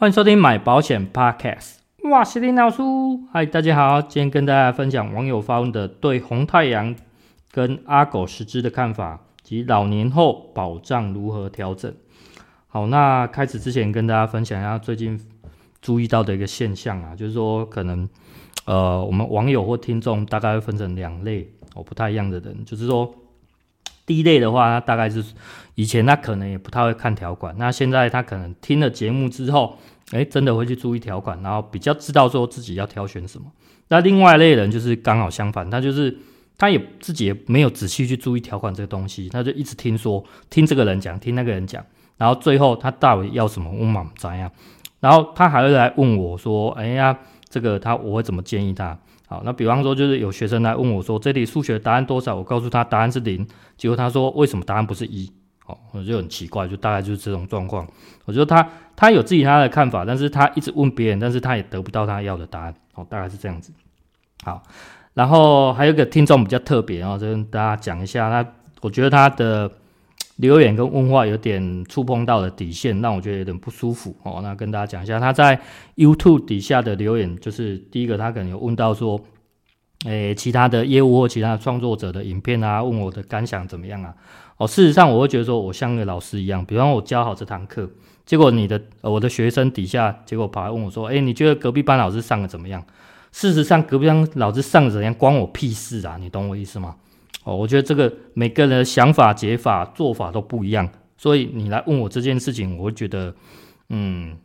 歡迎收聽買保險 Podcast，哇，是林老師，嗨，大家好，今天跟大家分享網友發問的對紅太陽跟阿狗實支的看法及老年後保障如何調整。好，那開始之前，跟大家分享一下最近注意到的一個現象啊，就是說，可能呃，我們網友或聽眾大概會分成兩類哦，不太一樣的人，就是說，第一類的話，他大概是以前他可能也不太會看條款，那現在他可能聽了節目之後。哎，真的會去注意條款，然後比較知道說自己要挑選什麼。那另外一類人就是剛好相反，他就是他也自己也沒有仔細去注意條款這個東西，他就一直聽說聽這個人講，聽那個人講，然後最後他到底要什麼？我嘛怎樣？然後他還會來問我說：“哎呀、啊，這個他我會怎麼建議他？”好，那比方說就是有學生來問我說：“這裡數學答案多少？”我告訴他答案是零，結果他說：“為什麼答案不是一？”哦，我就很奇怪，就大概就是這種狀況。我覺得他。他有自己他的看法，但是他一直問別人，但是他也得不到他要的答案。哦，大概是這樣子。好，然後還有一個聽眾比較特別，哦，就跟大家講一下，他我覺得他的留言跟問話有點觸碰到了底線，讓我覺得有點不舒服。哦，那跟大家講一下，他在 YouTube 底下的留言，就是第一個，他可能有問到說，誒，其他的業務或其他創作者的影片啊，問我的感想怎麼樣啊？哦，事實上我會覺得說，我像個老師一樣，比方我教好這堂課，結果你的、呃、我的學生底下，結果跑來問我說：“哎、欸，你覺得隔壁班老師上的怎麼樣？”事實上，隔壁班老師上得怎樣關我屁事啊，你懂我意思嗎？哦，我覺得這個每個人的想法、解法、做法都不一樣，所以你來問我這件事情，我會覺得，嗯，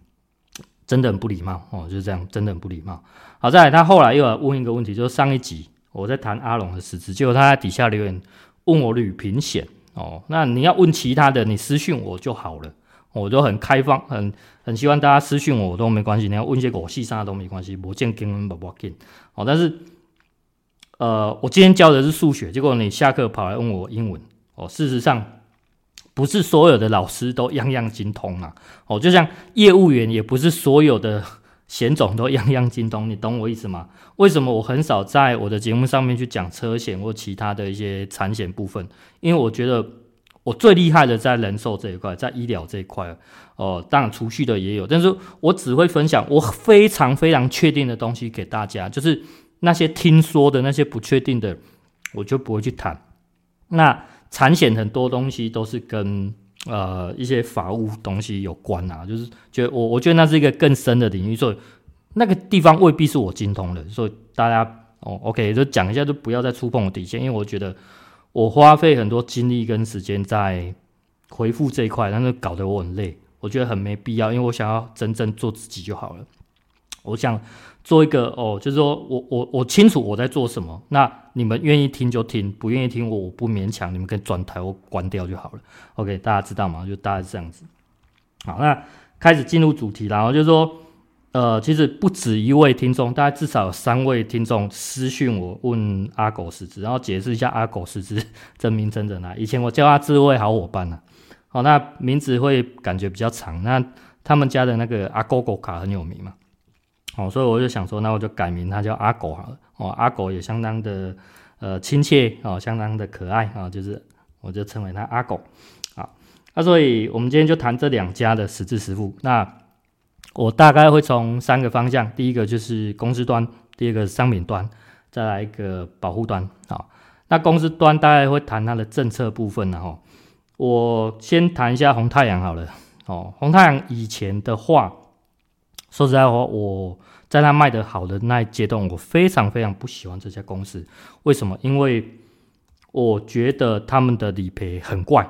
真的很不禮貌哦，就是這樣，真的很不禮貌。好，再來，他後來又來問一個問題，就是上一集我在談阿龍的實支，結果他在底下留言問我旅平險。哦，那你要問其他的，你私信我就好了，我、哦、都很開放，很很希望大家私信我，我都沒關係。你要問一些我細沙都沒關係，不見英文不寶緊。哦，但是呃，我今天教的是數學，結果你下課跑來問我英文。哦，事實上，不是所有的老師都樣樣精通啊。哦，就像業務員，也不是所有的。險種都樣樣精通，你懂我意思嗎？為什麼我很少在我的節目上面去講車險或其他的一些產險部分？因為我覺得我最厲害的在人壽這一塊，在醫療這一塊。哦、呃，當然儲蓄的也有，但是我只會分享我非常非常確定的東西給大家，就是那些聽說的那些不確定的，我就不會去談。那產險很多東西都是跟。呃，一些法務東西有關啊，就是覺得我，我覺得那是一個更深的領域，所以那個地方未必是我精通的，所以大家哦，OK，就講一下，就不要再觸碰我的底線，因為我覺得我花費很多精力跟時間在回復這一塊，但是搞得我很累，我覺得很沒必要，因為我想要真正做自己就好了，我想。做一個哦，就是說我我我清楚我在做什麼。那你們願意聽就聽，不願意聽我我不勉強，你們可以轉台或關掉就好了。OK，大家知道嗎？就大概這樣子。好，那開始進入主題，然後就是說，呃，其實不止一位聽眾，大概至少有三位聽眾私訊我問阿狗實支，然後解釋一下阿狗實支真名真整哪。以前我叫他智慧好夥伴啊。好、哦，那名字會感覺比較長。那他們家的那個阿狗狗卡很有名嘛。哦，所以我就想說，那我就改名他叫阿狗好了。哦，阿狗也相當的，呃，親切哦，相當的可愛啊、哦，就是我就稱為他阿狗，好啊，那所以我們今天就談這兩家的實支實付。那我大概會從三個方向，第一個就是公司端，第二個商品端，再來一個保戶端，啊，那公司端大概會談它的政策部分了、啊、哈、哦。我先談一下紅太陽好了。哦，紅太陽以前的話。說實在話，我在它賣的好的那一階段，我非常非常不喜歡這家公司。為什麼？因為我覺得他們的理賠很怪，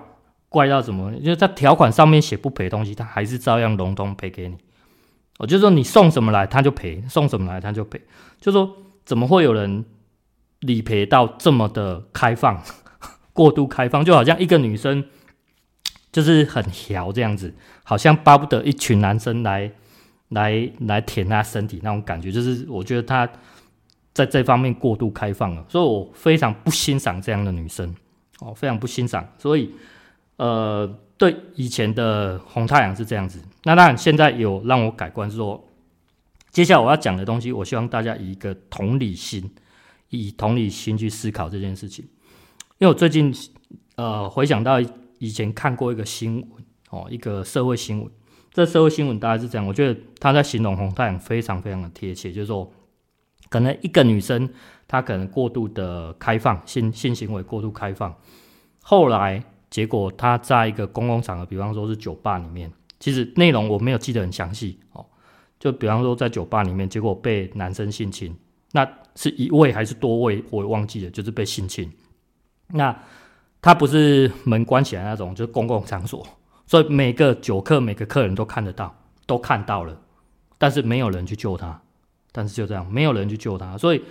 怪到什麼？就是在條款上面寫不賠東西，他還是照樣籠統賠給你。我、哦、就是、說你送什麼來，他就賠；送什麼來，他就賠。就說怎麼會有人理賠到這麼的開放、過度開放？就好像一個女生就是很調這樣子，好像巴不得一群男生來。來來舔她身體那種感覺，就是我覺得她在這方面過度開放了，所以我非常不欣賞這樣的女生，哦，非常不欣賞。所以，呃，對以前的紅太陽是這樣子。那當然，現在有讓我改觀說，說接下來我要講的東西，我希望大家以一個同理心，以同理心去思考這件事情。因為我最近呃回想到以前看過一個新聞哦，一個社會新聞。這社會新聞大概是這樣，我覺得他在形容紅太陽非常非常的貼切，就是說，可能一個女生她可能過度的開放性性行為過度開放，後來結果她在一個公共場合，比方說是酒吧裡面，其實內容我沒有記得很詳細哦，就比方說在酒吧裡面，結果被男生性侵，那是一位還是多位我忘記了，就是被性侵，那他不是門關起來那種，就是公共場所。所以每個酒客、每個客人都看得到，都看到了，但是沒有人去救他，但是就這樣，沒有人去救他。所以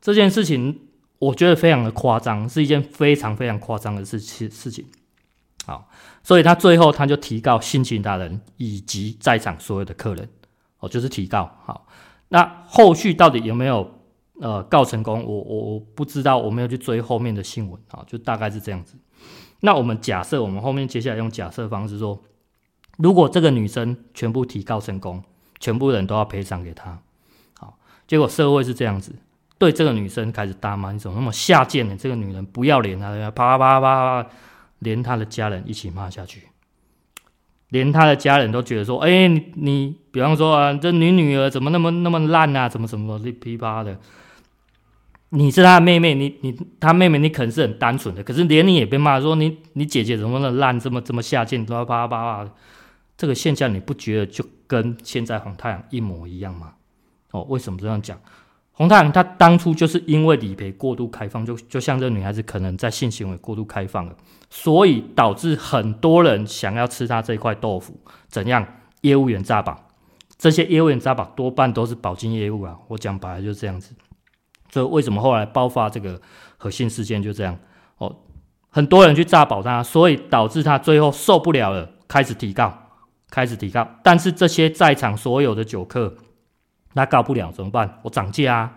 這件事情，我覺得非常的誇張，是一件非常非常誇張的事事情。好，所以他最後他就提告性侵他人以及在場所有的客人，哦，就是提告，好，那後續到底有沒有呃告成功？我我我不知道，我沒有去追後面的新聞啊，就大概是這樣子。那我們假設，我們後面接下來用假設方式說，如果這個女生全部提告成功，全部人都要賠償給她，好，結果社會是這樣子，對這個女生開始大罵，你怎麼那麼下賤呢？這個女人不要臉啊！啪、啪啪啪啪，連她的家人一起罵下去，連她的家人都覺得說，哎，你你，比方說啊，這女女兒怎麼那麼那麼爛啊？怎麼怎麼皮啪、啪、啪的？你是他的妹妹，你你他妹妹，你可能是很單純的。可是連你也被罵說你你姐姐怎麼那麼爛，這麼這麼下賤，啪啪啪，啪啪啪啪的。這個現象你不覺得就跟現在紅太陽一模一樣嗎？哦，為什麼這樣講？紅太陽他當初就是因為理賠過度開放，就就像這個女孩子可能在性行為過度開放了，所以導致很多人想要吃他這塊豆腐。怎樣？業務員詐保，這些業務員詐保多半都是保經業務啊。我講白了就是這樣子。為什麼後來爆發這個核心事件就這樣哦，很多人去炸保他，所以導致他最後受不了了，開始提告，開始提告。但是這些在場所有的酒客，他告不了怎麼辦？我漲價啊！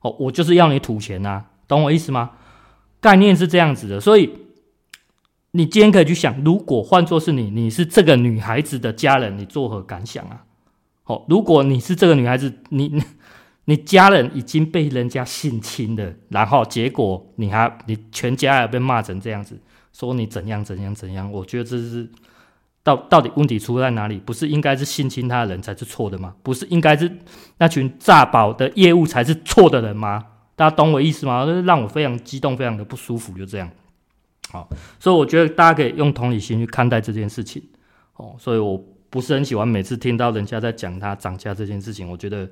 哦，我就是要你吐錢啊，懂我意思嗎？概念是這樣子的，所以你今天可以去想，如果換作是你，你是這個女孩子的家人，你作何感想啊？哦，如果你是這個女孩子，你。你家人已經被人家性侵了，然後結果你還你全家也被罵成這樣子，說你怎樣怎樣怎樣。我覺得這是到到底問題出在哪裡？不是應該是性侵他的人才是錯的嗎？不是應該是那群詐保的業務才是錯的人嗎？大家懂我意思嗎？讓我非常激動，非常的不舒服。就這樣，好，所以我覺得大家可以用同理心去看待這件事情。哦，所以我不是很喜歡每次聽到人家在講他漲價這件事情，我覺得。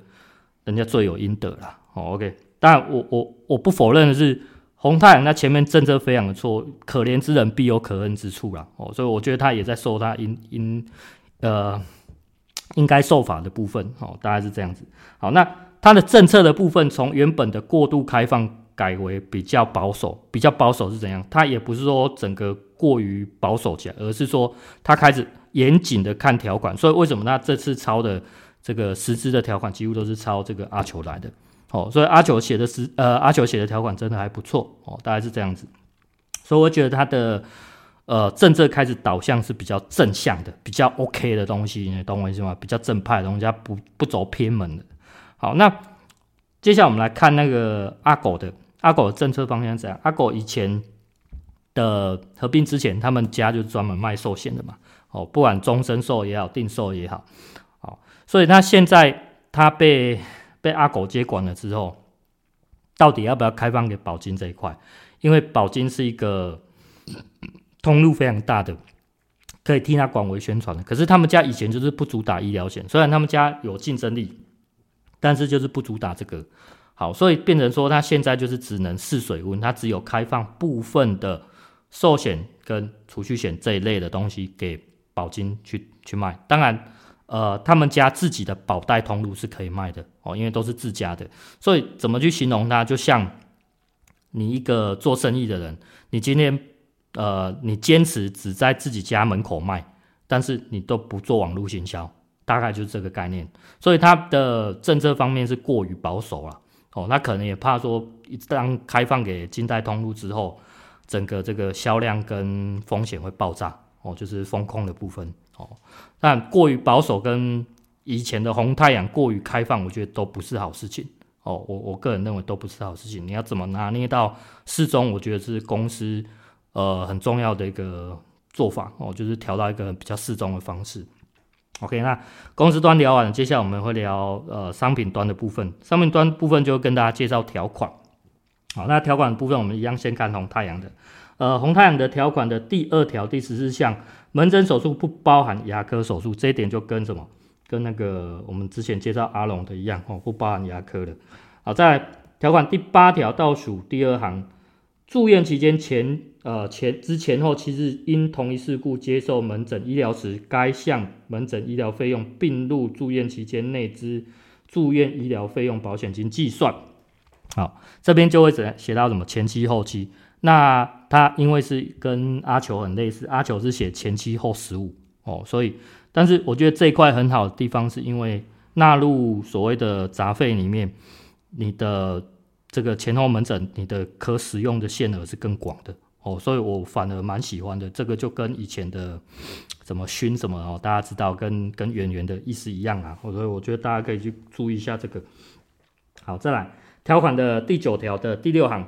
人家罪有應得啦，哦，OK，但我我我不否認的是，紅太陽那前面政策非常的錯，可憐之人必有可恨之處啦，哦，所以我覺得他也在受他應應，呃，應該受罰的部分，哦，大概是這樣子。好，那他的政策的部分從原本的過度開放改為比較保守，比較保守是怎樣？他也不是說整個過於保守起來，而是說他開始嚴謹的看條款，所以為什麼他這次抄的？這個實支的條款幾乎都是抄這個阿球來的，哦，所以阿球寫的實呃阿球寫的條款真的還不錯哦，大概是這樣子，所以我覺得他的呃政策開始導向是比較正向的，比較 OK 的東西，你懂我意思嗎？比較正派的東西，他不不走偏門的。好，那接下來我們來看那個阿狗的阿狗的政策方向是這樣？阿狗以前的合併之前，他們家就是專門賣壽險的嘛，哦，不管終身壽也好，定壽也好。好，所以他現在他被被阿狗接管了之後，到底要不要開放給保經這一塊？因為保經是一個通路非常大的，可以替他廣為宣傳的。可是他們家以前就是不主打醫療險，雖然他們家有競爭力，但是就是不主打這個。好，所以變成說他現在就是只能試水溫，他只有開放部分的壽險跟儲蓄險這一類的東西給保經去去賣。當然。呃，他們家自己的保代通路是可以賣的哦，因為都是自家的，所以怎麼去形容它？就像你一個做生意的人，你今天呃，你堅持只在自己家門口賣，但是你都不做網絡行銷，大概就是這個概念。所以它的政策方面是過於保守了、啊、哦，那可能也怕說一旦開放給金代通路之後，整個這個銷量跟風險會爆炸哦，就是風控的部分。哦，但過於保守跟以前的紅太陽過於開放，我覺得都不是好事情。哦，我我個人認為都不是好事情。你要怎麼拿捏到適中，我覺得是公司呃很重要的一個做法。哦，就是調到一個比較適中的方式。OK，那公司端聊完了，接下來我們會聊呃商品端的部分。商品端部分就跟大家介紹條款。好，哦，那條款的部分我們一樣先看紅太陽的。呃，紅太陽的條款的第二條第十四項，門診手術不包含牙科手術，這一點就跟什麼，跟那個我們之前介紹阿龍的一樣，哦，不包含牙科的。好，再來，條款第八條倒數第二行，住院期間前呃前之前後七日因同一事故接受門診醫療時，該項門診醫療費用並入住院期間內之住院醫療費用保險金計算。好，這邊就會寫到什麼前期後期，那。它因為是跟阿狗很類似，阿狗是寫前七後十五哦，所以，但是我覺得這一塊很好的地方是因為納入所謂的雜費裡面，你的這個前後門診，你的可使用的限額是更廣的哦，所以我反而蠻喜歡的。這個就跟以前的怎麼熏什麼哦，大家知道跟跟圓圓的意思一樣啊、哦，所以我覺得大家可以去注意一下這個。好，再來，條款的第九條的第六行。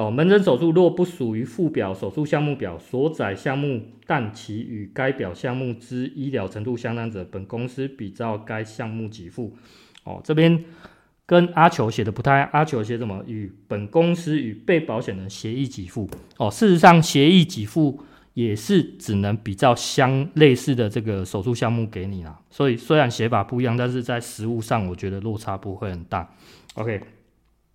哦，門診手術若不屬於附表手術項目表所載項目，但其與該表項目之醫療程度相當者，本公司比照該項目給付。哦，這邊跟阿狗寫的不太，阿狗寫什麼？與本公司與被保險人協議給付。哦，事實上，協議給付也是只能比較相類似的這個手術項目給你啦，所以雖然寫法不一樣，但是在實務上，我覺得落差不會很大。OK，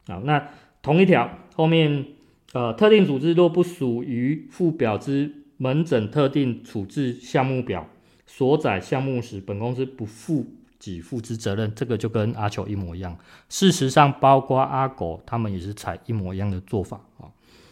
好，那同一條後面。呃，特定處置若不屬於附表之門診特定處置項目表所載項目時，本公司不負給付之責任。這個就跟阿球一模一樣。事實上，包括阿狗他們也是採一模一樣的做法啊、哦。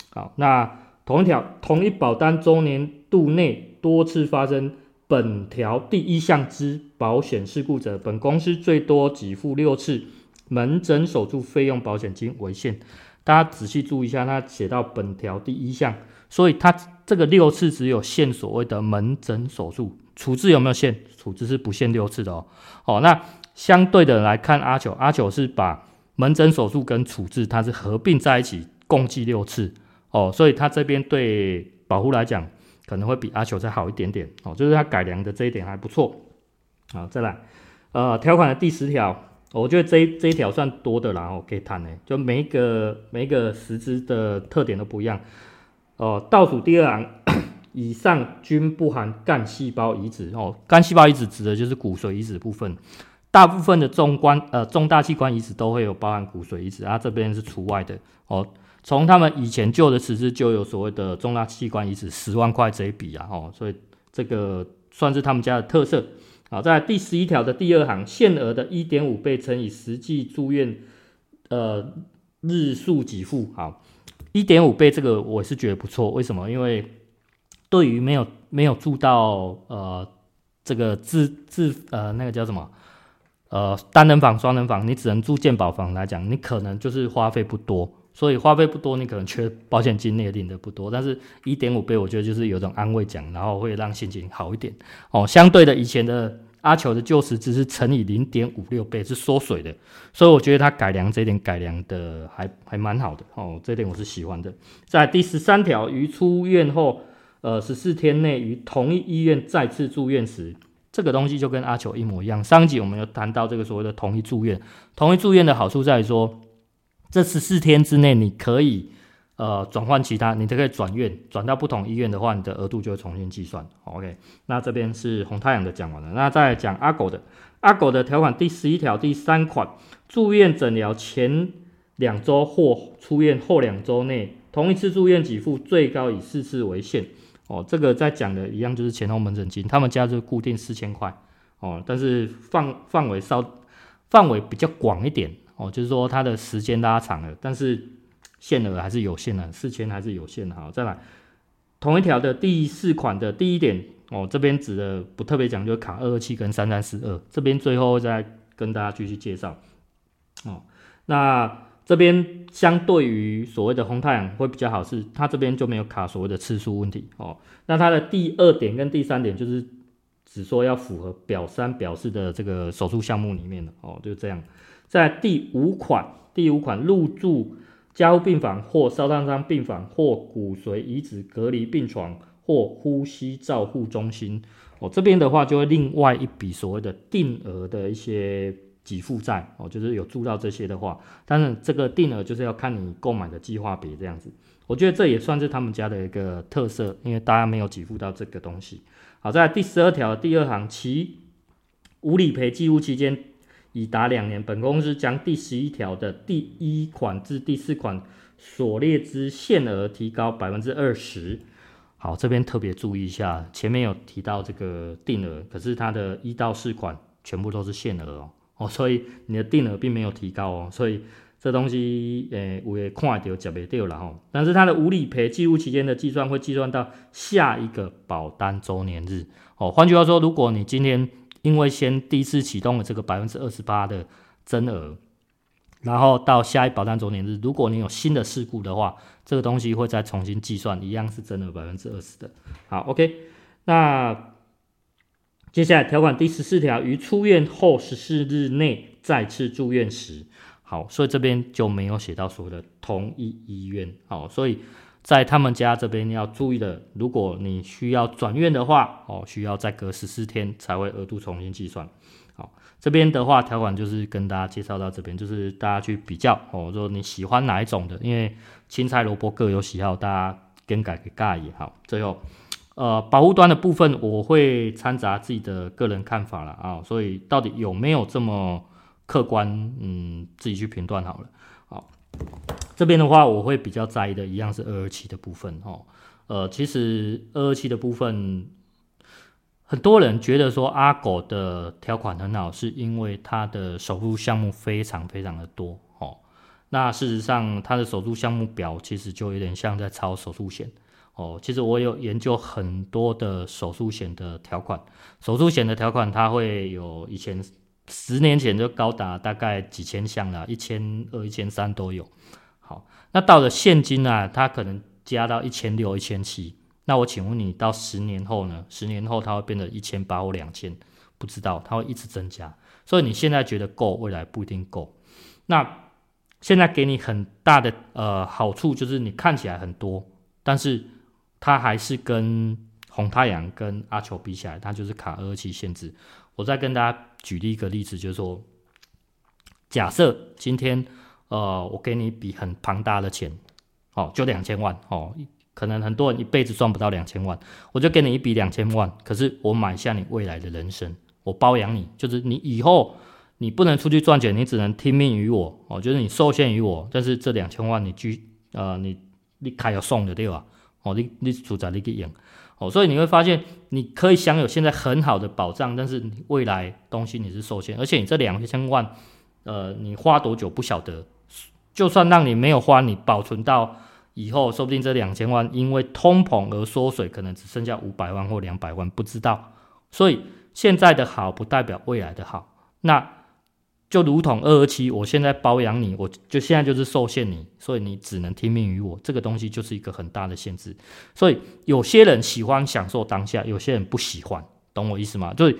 好，那同一條，同一保單週年度內多次發生本條第一項之保險事故者，本公司最多給付六次門診手術費用保險金為限。大家仔細注意一下，他寫到本條第一項，所以他這個六次只有限所謂的門診手術處置有沒有限？處置是不限六次的哦。哦，那相對的來看阿狗，阿狗阿狗是把門診手術跟處置，它是合併在一起，共計六次哦。所以它這邊對保戶來講，可能會比阿狗再好一點點哦，就是它改良的這一點還不錯。好，再來，呃，條款的第十條。我覺得這這一條算多的啦，哦，可以談誒、欸，就每一個每一個實質的特點都不一樣。哦、呃，倒數第二行以上均不含幹細胞移植哦，幹細胞移植指，指的就是骨髓移植部分，大部分的重關、呃重大器官移植都會有包含骨髓移植，啊這邊是除外的哦。從他們以前舊的實質就有所謂的重大器官移植十萬塊這一筆啊，哦，所以這個算是他們家的特色。好，在第十一條的第二行，限額的一點五倍乘以實際住院呃日數給付。好，一點五倍這個我是覺得不錯。為什麼？因為對於沒有沒有住到呃這個自自呃那個叫什麼呃單人房、雙人房，你只能住健保房來講，你可能就是花費不多。所以花費不多，你可能缺保險金那個領的不多，但是一點五倍，我覺得就是有種安慰獎，然後會讓心情好一點哦。相對的，以前的阿狗的舊實支是乘以零點五六倍是縮水的，所以我覺得他改良這一點改良的還還蠻好的哦，這一點我是喜歡的。在第十三條，於出院後呃十四天內於同一醫院再次住院時，這個東西就跟阿狗一模一樣。上一集我們有談到這個所謂的同一住院，同一住院的好處在於說。這十四天之內，你可以呃轉換其他，你就可以轉院轉到不同醫院的話，你的額度就會重新計算。OK，那這邊是紅太陽的講完了，那再來講阿狗的。阿狗的條款第十一條第三款，住院診療前兩周或出院後兩周內，同一次住院給付最高以四次為限。哦，這個在講的一樣，就是前後門診金，他們家就固定四千塊。哦，但是範範圍稍範圍比較廣一點。哦，就是說它的時間拉長了，但是限額還是有限的，四千還是有限的。好，再來同一條的第四款的第一點，哦，這邊指的不特別講究卡二二七跟三三四二，這邊最後再跟大家繼續介紹。哦，那這邊相對於所謂的紅太陽會比較好，是它這邊就沒有卡所謂的次數問題。哦，那它的第二點跟第三點就是只說要符合表三表四的這個手術項目裡面的。哦，就這樣。在第五款，第五款入住加護病房或燒燙傷病房或骨髓移植隔離病床或呼吸照護中心，哦，這邊的話就會另外一筆所謂的定額的一些給付債，哦，就是有住到這些的話，但是這個定額就是要看你購買的計劃別這樣子，我覺得這也算是他們家的一個特色，因為大家沒有給付到這個東西。好，在第十二條第二行，其無理賠記錄期間。已達兩年，本公司將第十一條的第一款至第四款所列之限額提高百分之二十。好，這邊特別注意一下，前面有提到這個定額，可是它的一到四款全部都是限額哦、喔，哦、喔，所以你的定額並沒有提高哦、喔，所以這東西，誒、欸，有的看得到吃不到了哈。但是它的無理賠記錄期間的計算會計算到下一個保單週年日哦。喔，換句話說，如果你今天因為先第一次啟動了這個百分之二十八的增額，然後到下一保單周年日，如果你有新的事故的話，這個東西會再重新計算，一樣是增額百分之二十的。好，OK，那接下來條款第十四條，於出院後十四日內再次住院時，好，所以這邊就沒有寫到所謂的同一醫院，好，所以。在他們家這邊要注意的，如果你需要轉院的話，哦，需要再隔十四天才會額度重新計算。好，這邊的話條款就是跟大家介紹到這邊，就是大家去比較哦，說你喜歡哪一種的，因為青菜蘿蔔各有喜好，大家更改個改也好。最後，呃，保戶端的部分我會摻雜自己的個人看法了啊，哦，所以到底有沒有這麼客觀，嗯，自己去評斷好了。這邊的話，我會比較在意的，一樣是二二七的部分哦。呃，其實二二七的部分，很多人覺得說阿狗的條款很好，是因為他的手術項目非常非常的多哦。那事實上，他的手術項目表其實就有點像在抄手術險哦。其實我有研究很多的手術險的條款，手術險的條款它會有以前。十年前就高達大概幾千項了，一千二、一千三都有。好，那到了現今呢，啊？它可能加到一千六、一千七。那我請問你，到十年後呢？十年後它會變成一千八或兩千？不知道，它會一直增加。所以你現在覺得夠，未來不一定夠。那現在給你很大的呃好處，就是你看起來很多，但是它還是跟紅太陽跟阿狗比起來，它就是卡二期限制。我再跟大家舉例一個例子，就是說，假設今天，呃，我給你一筆很龐大的錢，哦，就兩千萬，哦，可能很多人一輩子賺不到兩千萬，我就給你一筆兩千萬，可是我買下你未來的人生，我包養你，就是你以後你不能出去賺錢，你只能聽命於我，哦，就是你受限於我，但是這兩千萬你居，呃，你你開有送的對吧？哦，你你住在你己贏。所以你會發現，你可以享有現在很好的保障，但是你未來東西你是受限，而且你這兩千萬，呃，你花多久不曉得，就算讓你沒有花，你保存到以後，說不定這兩千萬因為通膨而縮水，可能只剩下五百萬或兩百萬，不知道。所以現在的好不代表未來的好。那。就如同二二七，我現在包養你，我就現在就是受限你，所以你只能聽命於我。這個東西就是一個很大的限制。所以有些人喜歡享受當下，有些人不喜歡，懂我意思嗎？所以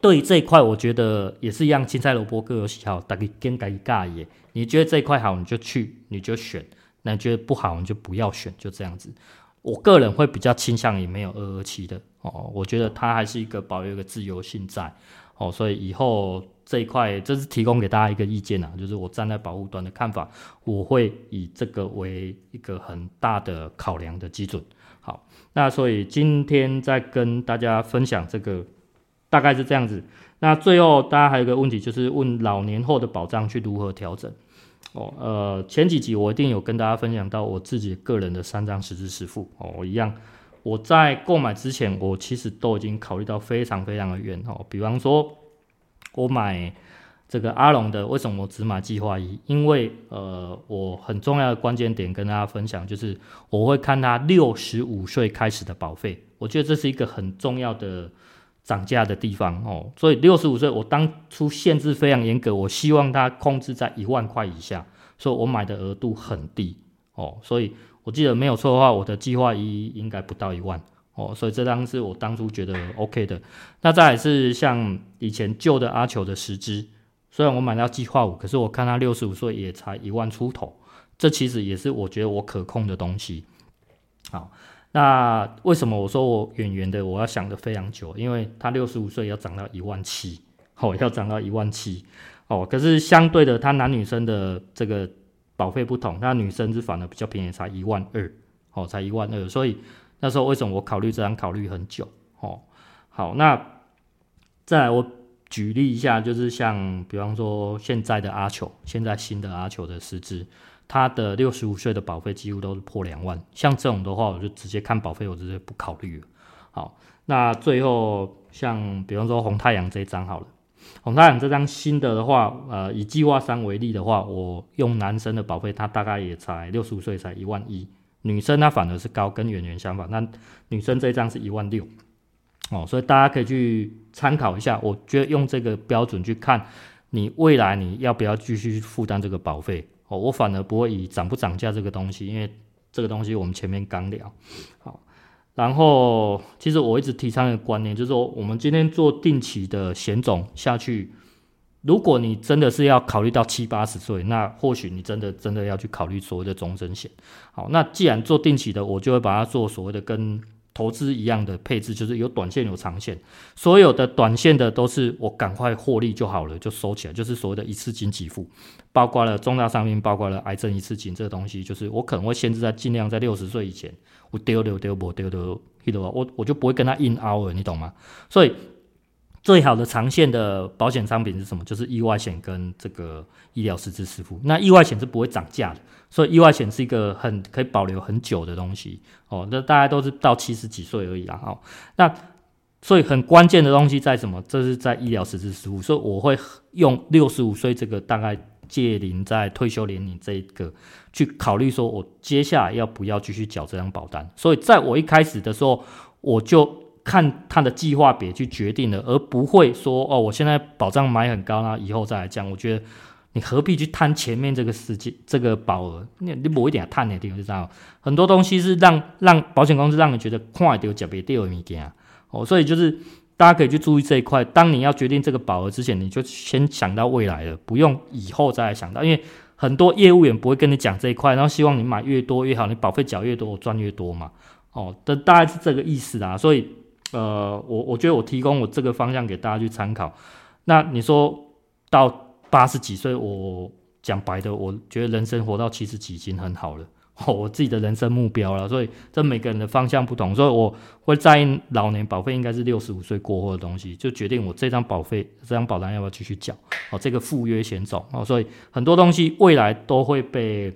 對於這一塊，我覺得也是一樣，青菜蘿蔔各有喜好，大家跟大家一尬耶。你覺得這一塊好，你就去，你就選，那你覺得不好，你就不要選，就這樣子。我個人會比較傾向於沒有二二七的哦，我覺得它還是一個保留一個自由性在。哦，所以以後這一塊，這是提供給大家一個意見吶、啊，就是我站在保戶端的看法，我會以這個為一個很大的考量的基準。好，那所以今天再跟大家分享這個，大概是這樣子。那最後大家還有一個問題，就是問老年後的保障去如何調整。哦，呃，前幾集我一定有跟大家分享到我自己個人的三張實支實付哦，我一樣。我在購買之前，我其實都已經考慮到非常非常的遠哦。比方說，我買這個阿龍的，為什麼我只買計劃一？因為呃，我很重要的關鍵點跟大家分享，就是我會看他六十五歲開始的保費，我覺得這是一個很重要的漲價的地方哦。所以六十五歲我當初限制非常嚴格，我希望他控制在一萬塊以下，所以我買的額度很低哦，所以。我記得沒有錯的話，我的計劃一應該不到一萬哦，所以這張是我當初覺得 OK 的。那再來是像以前舊的阿狗的實支，雖然我買到計劃五，可是我看他六十五歲也才一萬出頭，這其實也是我覺得我可控的東西。好，那為什麼我說我遠遠的我要想得非常久？因為他六十五歲要漲到一萬七，哦，要漲到一萬七，哦，可是相對的，他男女生的這個。保費不同，那女生是反而比較便宜，才一萬二，哦，才一萬二。所以那時候為什麼我考慮這張考慮很久？哦，好，那再來我舉例一下，就是像比方說現在的阿狗，現在新的阿狗的實支，他的六十五歲的保費幾乎都是破兩萬。像這種的話，我就直接看保費，我直接不考慮了。好，那最後像比方說紅太陽這一張好了。紅太陽這張新的的話，呃，以計劃三為例的話，我用男生的保費，他大概也才六十五歲才一萬一，女生她反而是高，跟遠遠相反。那女生這一張是一萬六，哦，所以大家可以去參考一下。我覺得用這個標準去看，你未來你要不要繼續負擔這個保費？哦，我反而不會以漲不漲價這個東西，因為這個東西我們前面剛聊，好。然後，其實我一直提倡一個觀念，就是說，我們今天做定期的險種下去，如果你真的是要考慮到七八十歲，那或許你真的真的要去考慮所謂的終身險。好，那既然做定期的，我就會把它做所謂的跟。投資一樣的配置，就是有短線有長線。所有的短線的都是我趕快獲利就好了，就收起來，就是所謂的一次性給付，包括了重大傷病，包括了癌症一次性這個東西，就是我可能會限制在儘量在六十歲以前，我丟了丟不丟丟，我我就不會跟他硬拗了，你懂嗎？所以。最好的長線的保險商品是什麼？就是意外險跟這個醫療實支實付。那意外險是不會漲價的，所以意外險是一個很可以保留很久的東西哦。那大家都是到七十幾歲而已啦，哦，那所以很關鍵的東西在什麼？這，就是在醫療實支實付，所以我會用六十五歲這個大概借齡在退休年齡這一個去考慮，說我接下來要不要繼續繳這張保單。所以在我一開始的時候，我就。看他的計劃比去決定了，而不會說哦，我現在保障買很高啦，以後再來降。我覺得你何必去貪前面這個時間這個保額？你你某一點貪的地方就知道，很多東西是讓讓保險公司讓你覺得看得到吃不到的東西哦。所以就是大家可以去注意這一塊。當你要決定這個保額之前，你就先想到未來的，不用以後再來想到，因為很多業務員不會跟你講這一塊，然後希望你買越多越好，你保費繳越多，我賺越多嘛。哦，大概是這個意思啊。所以。呃，我我覺得我提供我這個方向給大家去參考。那你說到八十幾歲，我講白的，我覺得人生活到七十幾已經很好了，我自己的人生目標了。所以這每個人的方向不同，所以我會在意老年保費應該是六十五歲過後的東西，就決定我這張保費這張保單要不要繼續繳。哦，這個附約險種，哦，所以很多東西未來都會被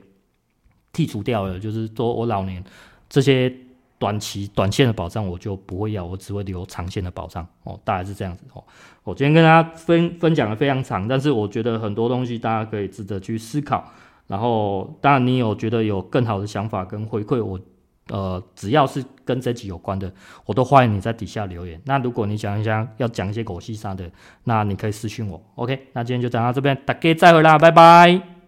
剔除掉了，就是說我老年這些。短期、短線的保障我就不會要，我只會留長線的保障哦。大概是這樣子哦。我今天跟大家分享得非常長，但是我覺得很多東西大家可以值得去思考。然後，當然你有覺得有更好的想法跟回饋，我呃只要是跟這集有關的，我都歡迎你在底下留言。那如果你想一想要講一些狗戲啥的，那你可以私訊我。OK，那今天就講到這邊，大家再會啦，拜拜。